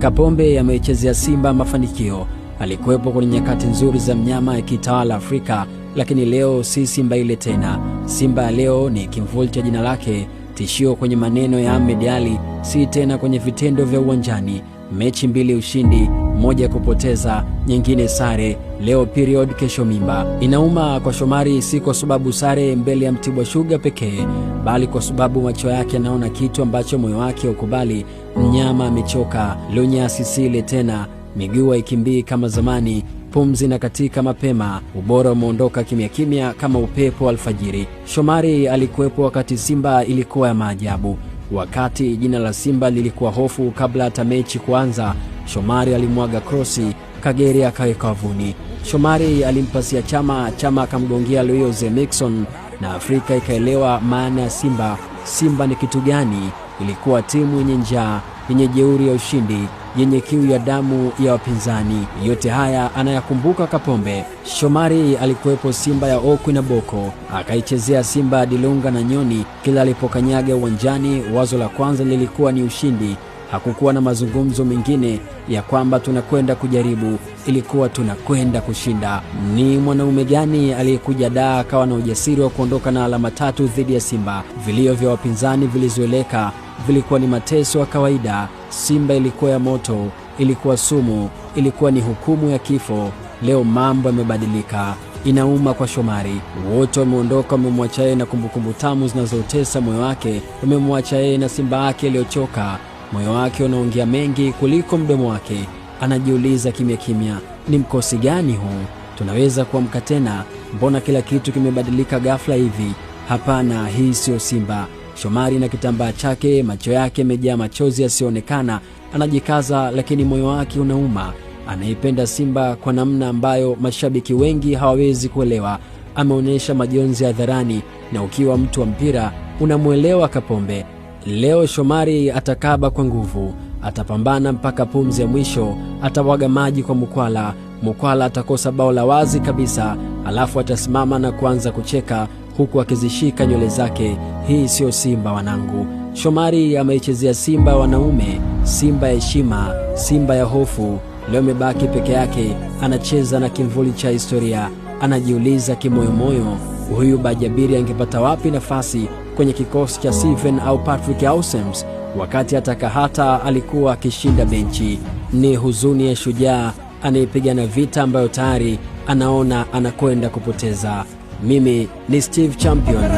Kapombe ameichezea Simba mafanikio. Alikuwepo kwenye nyakati nzuri za mnyama akitawala Afrika, lakini leo si Simba ile tena. Simba ya leo ni kimvulcha cha jina lake, tishio kwenye maneno ya Ahmed Ally, si tena kwenye vitendo vya uwanjani mechi mbili ushindi, moja ya kupoteza, nyingine sare, leo period, kesho mimba. Inauma kwa Shomari, si kwa sababu sare mbele ya Mtibwa shuga pekee, bali kwa sababu macho yake anaona kitu ambacho moyo wake ukubali. Mnyama amechoka, lonyasi tena, miguu haikimbii kama zamani pumzi na katika mapema, ubora umeondoka kimya kimya kama upepo alfajiri. Shomari alikuwepo wakati Simba ilikuwa ya maajabu. Wakati jina la Simba lilikuwa hofu kabla hata mechi kuanza, Shomari alimwaga krosi, Kagere akaweka wavuni. Shomari alimpasia Chama, Chama akamgongia Loize Mixon, na Afrika ikaelewa maana ya Simba. Simba ni kitu gani? Ilikuwa timu yenye njaa, yenye jeuri ya ushindi yenye kiu ya damu ya wapinzani. Yote haya anayakumbuka Kapombe. Shomari alikuwepo Simba ya Okwi na Boko, akaichezea Simba Dilunga na Nyoni. Kila alipokanyaga uwanjani, wazo la kwanza lilikuwa ni ushindi. Hakukuwa na mazungumzo mengine ya kwamba tunakwenda kujaribu, ilikuwa tunakwenda kushinda. Ni mwanaume gani aliyekuja daa akawa na ujasiri wa kuondoka na alama tatu dhidi ya Simba? Vilio vya wapinzani vilizoeleka vilikuwa ni mateso ya kawaida. Simba ilikuwa ya moto, ilikuwa sumu, ilikuwa ni hukumu ya kifo. Leo mambo yamebadilika. Inauma kwa Shomari. Wote wameondoka, wamemwacha yeye na kumbukumbu tamu zinazotesa moyo wake, wamemwacha yeye na simba yake iliyochoka. Moyo wake unaongea mengi kuliko mdomo wake. Anajiuliza kimya kimya, ni mkosi gani huu? Tunaweza kuamka tena? Mbona kila kitu kimebadilika ghafla hivi? Hapana, hii siyo Simba shomari na kitambaa chake, macho yake yamejaa machozi yasiyoonekana. Anajikaza lakini moyo wake unauma. Anaipenda Simba kwa namna ambayo mashabiki wengi hawawezi kuelewa. Ameonyesha majonzi hadharani, na ukiwa mtu wa mpira unamwelewa Kapombe. Leo Shomari atakaba kwa nguvu, atapambana mpaka pumzi ya mwisho, atawaga maji kwa Mukwala. Mukwala atakosa bao la wazi kabisa, alafu atasimama na kuanza kucheka huku akizishika nywele zake. Hii siyo Simba wanangu. Shomari ameichezea Simba ya wanaume, Simba ya heshima, Simba ya hofu. Leo amebaki peke yake, anacheza na kimvuli cha historia. Anajiuliza kimoyomoyo, huyu Bajabiri angepata wapi nafasi kwenye kikosi cha Steven au Patrick Ausems, wakati hata Kahata alikuwa akishinda benchi. Ni huzuni ya shujaa anayepigana vita ambayo tayari anaona anakwenda kupoteza. Mimi ni Steve Champion.